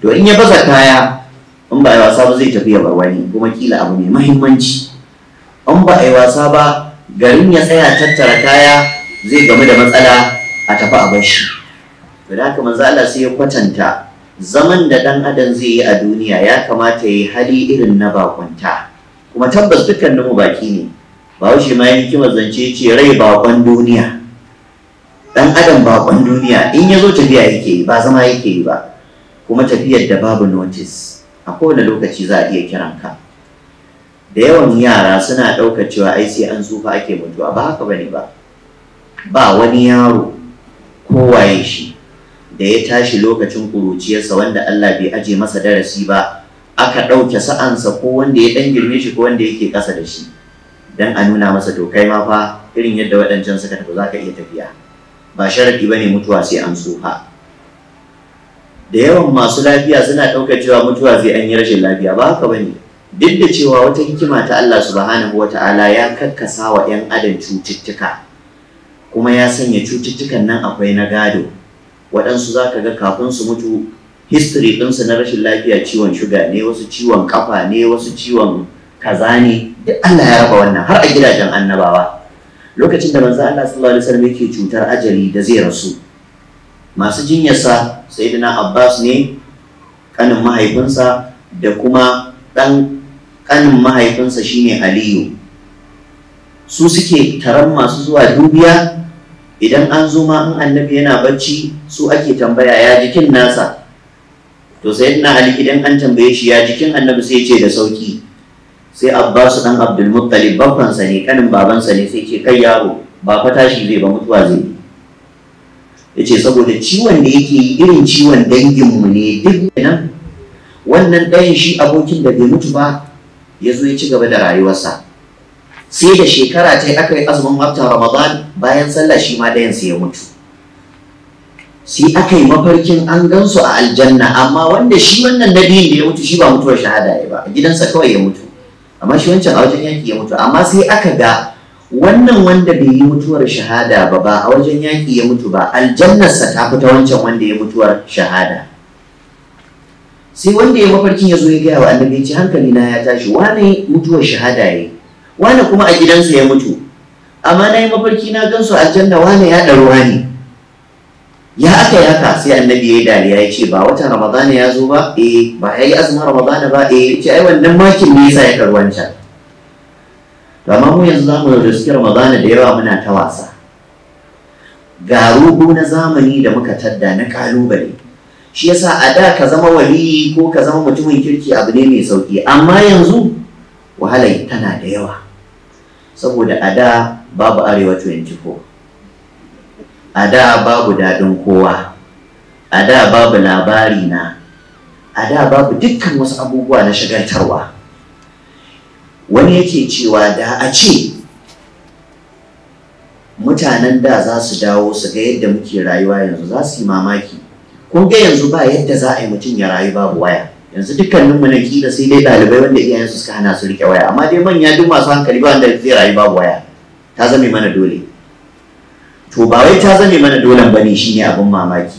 to in ya baza kaya in ba a yi wasa ba zai tafi ya bar wani kuma kila abu mai mahimmanci in ba a yi wasa ba garin ya tsaya tattara kaya zai gamu da matsala a tafi a bashi to da haka manzo Allah sai ya kwatanta zaman da dan adam zai yi a duniya ya kamata yayi hali irin na bakunta kuma tabbas dukkaninmu baki ne Ba wuce ma ya hikimar zance ce rai bakon duniya dan adam bakon duniya in ya zo tafiya yake yi ba zama yake yi ba kuma tafiyar da babu notis a kowane lokaci za a iya kiran ka da yawan yara suna ɗaukar cewa ai sai an tsufa ake mutuwa ba haka bane ba ba wani yaro kowaye shi da ya tashi lokacin kuruciyarsa wanda Allah bai aje masa darasi ba aka ɗauke sa'ansa ko wanda ya ɗan girme shi ko wanda yake ƙasa da shi dan a nuna masa to kai ma fa irin yadda waɗancan suka tafi za ka iya tafiya ba sharadi ba ne mutuwa sai an tsufa da yawan masu lafiya suna ɗaukar cewa mutuwa zai an yi rashin lafiya ba haka bane duk da cewa wata hikima ta Allah subhanahu wata'ala ya karkasa wa 'yan adam cututtuka kuma ya sanya cututtukan nan akwai na gado waɗansu za ka ga kafin su mutu history ɗinsu na rashin lafiya ciwon shuga ne wasu ciwon kafa ne wasu ciwon kaza ne duk Allah ya raba wannan har a gidajen annabawa lokacin da manzo Allah sallallahu alaihi wasallam yake cutar ajali da zai rasu masu jinyarsa na abbas ne kanin mahaifinsa da kuma ɗan kanin mahaifinsa shine aliyu su suke taron masu zuwa dubiya idan an zo ma in annabi yana bacci su ake tambaya ya jikin nasa to na ali idan an tambaye shi ya jikin annabi sai ce da sauki sai Abbas dan abdulmuttalib babbansa ne kanin babansa ne sai ce kai yaro ba fa tashi zai ba mutuwa zai yace saboda ciwon da yake yi irin ciwon danginmu ne duk nan wannan ɗayan shi abokin da bai mutu ba ya zo ya ci gaba da rayuwarsa sai da shekara ta aka yi azumin wata ramadan bayan sallah shi ma ɗayan sai ya mutu sai aka yi mafarkin an gansu a aljanna amma wanda shi wannan nabiyin da ya mutu shi ba mutuwar shahada ba gidansa kawai ya mutu amma shi wancan a wajen yaki ya mutu amma sai aka ga wannan wanda bai yi mutuwar shahada ba ba a wajen yaƙi ya mutu ba aljannarsa ta fita wancan wanda ya mutuwar shahada sai wanda ya mafarkin ya zo ya gaya wa annabi ce hankali na ya tashi wane mutuwar shahada ya wane kuma a gidansa ya mutu amma na yi mafarki na gansu aljanna wane ya ɗaru ne ya aka yi haka sai annabi ya yi dariya ya ce ba wata ramadana ya zo ba eh ba ya yi azumin ramadana ba eh ce ai wannan makin ne ya sa ya karuwancan kamar mu yanzu zamu riski ramadana da yawa muna ta wasa ga ruhu na zamani da muka tadda na kalubale shi yasa a da ka zama waliyi ko ka zama mutumin kirki abu ne mai sauki amma yanzu wahalar tana da yawa saboda a da babu arewa 24 a da babu daɗin kowa a da babu labari na a da babu dukkan wasu abubuwa na shagaltarwa wani yake cewa da a ce mutanen da za su dawo su ga yadda muke rayuwa yanzu za su yi mamaki kun ga yanzu ba yadda za a yi mutum ya rayu babu waya yanzu dukkanin mu na kila sai dai ɗalibai wanda iyayen su suka hana su rike waya amma dai manya duk masu hankali ba wanda zai rayu babu waya ta zame mana dole to ba wai ta zame mana dole dolen bane shine abin mamaki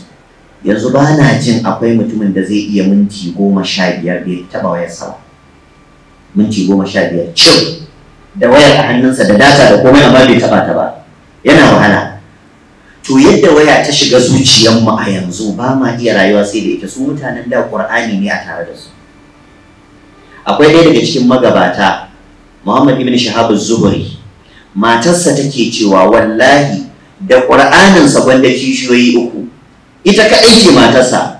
yanzu ba na jin akwai mutumin da zai iya minti goma sha biyar bai taba wayar ba minti goma sha biyar cin da wayar a hannunsa da data da komai amma bai taba ta ba yana wahala to yadda waya ta shiga zuciyarmu a yanzu ba ma iya rayuwa sai da ita su mutanen da qur'ani ne a tare da su akwai ɗaya daga cikin magabata muhammad ibn shahab zuhri matarsa take cewa wallahi da ƙur'aninsa gwanda kishiyoyi uku ita kaɗai ce matarsa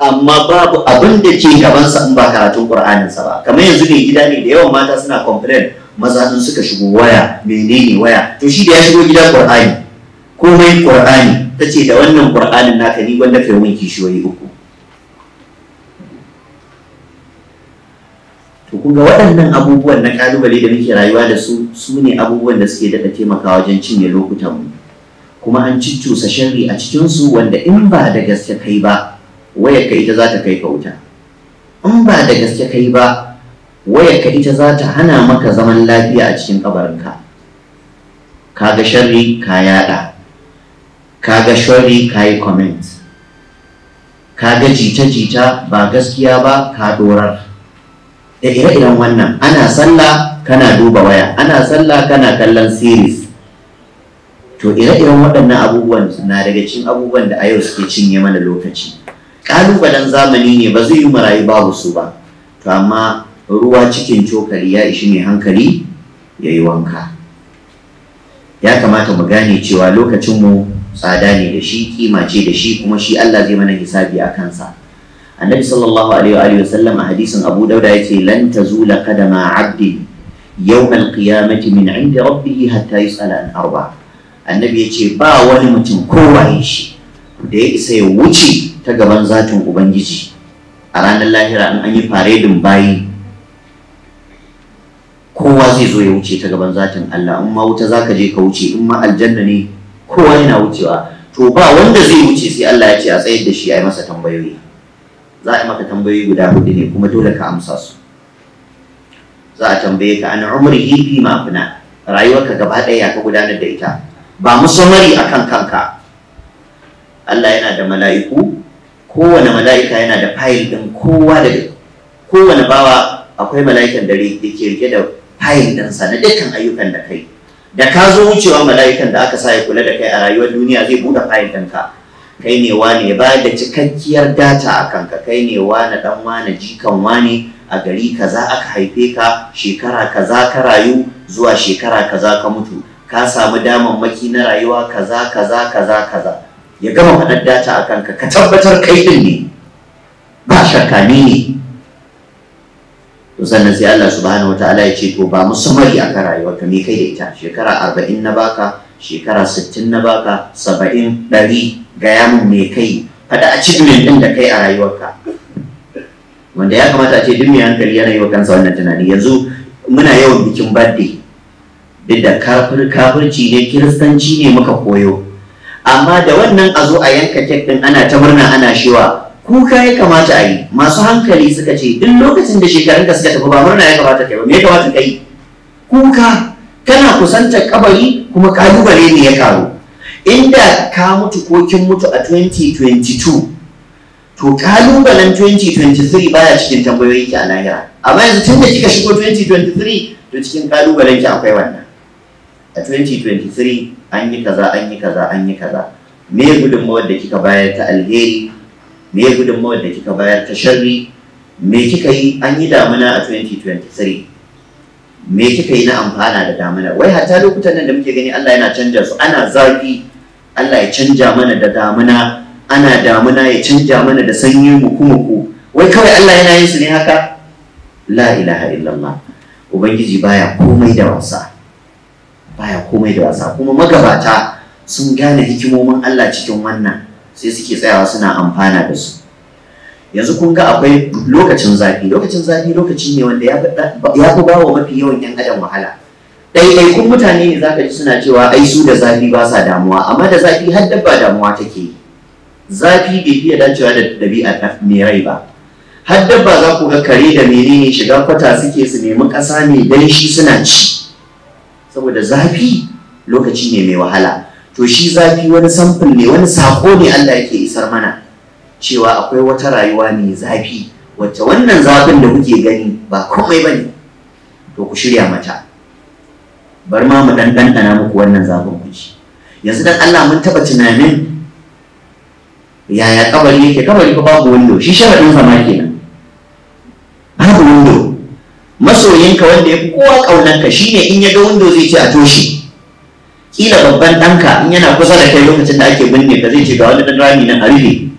amma babu abin da ke gabansa in ba karatun ƙur'aninsa ba kamar yanzu ne gida ne da yawan mata suna complain maza in suka shigo waya menene waya to shi da ya shigo gida ƙur'ani komai ƙur'ani ta ce da wannan ƙur'anin naka ni wanda kai wanki shi uku to kun ga waɗannan abubuwan na ƙalubale da muke rayuwa da su su ne abubuwan da suke daɗa taimakawa wajen cinye lokutan lokutanmu kuma an sa sharri a cikinsu wanda in ba da gaske kai ba Wayarka ka ita za ta kai ka wuta in ba da gaske kai ba Wayarka ita za ta hana maka zaman lafiya a cikin kabarinka Ka ga sharri ka yada ga sharri ka yi comment ga jita-jita ba gaskiya ba ka dorar da ire-iren wannan ana sallah kana duba waya ana sallah kana kallon series to ire-iren waɗannan abubuwan na daga cikin abubuwan da a yau suke cinye mana lokaci kalubalen zamani ne ba zai yi marayu babu su ba to amma ruwa cikin cokali ya ishi mai hankali ya yi wanka ya kamata mu gane cewa lokacinmu tsada ne da shi kima ce da shi kuma shi Allah zai mana hisabi a kansa annabi sallallahu alaihi wa sallam a hadisin abu dauda yace lan tazula qadama abdi yawm alqiyamati min inda rabbihi hatta yus'ala an arba annabi yace ba wani mutum waye shi da ya isa ya wuce ta gaban zatin ubangiji a ranar lahira in an yi faredin bayi kowa zai zo ya wuce ta gaban zatin Allah in ma wuta zaka je ka wuce in ma aljanna ne kowa yana wucewa to ba wanda zai wuce sai Allah ya ce a tsayar da shi a yi masa tambayoyi za a yi maka tambayoyi guda hudu ne kuma dole ka amsa su za a tambaye ka an umrihi fi ma fina rayuwarka gaba ɗaya ka gudanar da ita ba musamari akan kanka Allah yana da mala'iku kowane mala'ika yana da fayil ɗin kowa da kowane bawa akwai mala'ikan da ke rike da fayil ɗinsa na dukkan ayyukan da kai da ka zo wucewa mala'ikan da aka sa ya kula da kai a rayuwar duniya zai buɗe fayil ɗinka kai ne wane ya da cikakkiyar data a kanka kai ne wane ɗan wane jikan wane a gari kaza aka haife ka shekara kaza ka rayu zuwa shekara kaza ka mutu ka samu damammaki na rayuwa kaza kaza kaza kaza ya gama faɗar data a kanka ka tabbatar kai ɗin ne ba shakka ni ne to sannan sai Allah subhanahu wataala ya ce to ba musamman a ka rayuwarka me kai da ita shekara arba'in na baka shekara sittin na baka saba'in ɗari gaya mun me kai faɗa a achievement ɗin da kai a rayuwarka wanda ya kamata a ce duk mai hankali yana yi wa kansa wannan tunani yanzu muna yawan bikin birthday duk da kafirci ne kiristanci ne muka koyo amma da wannan a zo a yanka kek ɗin ana ta murna ana shewa kuka ya kamata a yi masu hankali suka ce duk lokacin da shekarun ka suka tafi ba murna ya kamata kai ba me ya kamata ka yi kuka kana kusanta kabari kuma kalubale ne ya karu inda ka mutu ko kin mutu a 2022 to kalubalen 2023 baya cikin ki a lahira amma yanzu tun da kika shigo 2023 to cikin kalubalen ki akwai wannan a 2023 an yi kaza an yi kaza an yi kaza me gudunmawar da kika bayar ta alheri me gudunmawar da kika bayar ta sharri me kika yi an yi damuna a 2023 me kika yi na amfana da damuna wai hatta lokutan nan da muke gani Allah yana canja su ana zafi Allah ya canja mana da damuna ana damuna ya canja mana da sanyi muku muku wai kawai Allah yana yin su ne haka la ilaha illallah ubangiji baya komai da wasa baya komai da wasa kuma magabata sun gane hikimomin Allah cikin wannan sai suke tsayawa suna amfana da su yanzu kun ga akwai lokacin zafi lokacin zafi lokaci ne wanda ya fi ba wa mafi yawan yan adam wahala ɗaiɗaikun mutane ne zaka ji suna cewa ai su da zafi ba sa damuwa amma da zafi har dabba damuwa take yi zafi bai fiye dacewa da ɗabi'a mai rai ba har dabba za ku ga kare da menene shiga kwata suke su nemi ƙasa mai danshi suna ci saboda zafi lokaci ne mai wahala to shi zafi wani samfin ne wani sako ne Allah yake isar mana cewa akwai wata rayuwa mai zafi wacce wannan zafin da kuke gani ba komai bane to ku shirya mata bar ma mu dan dandana muku wannan zafin ku ci yanzu dan Allah mun taba tunanin yaya kabari yake kabari ba babu wando shi sharadin zama kenan masoyinka wanda ya fi kowa ƙaunanka shi ne in yaga ga wando zai ce a toshe Ƙila babban ɗanka in yana kusa da kai lokacin da ake binne ka zai ce ga wani ɗan rami na a rufe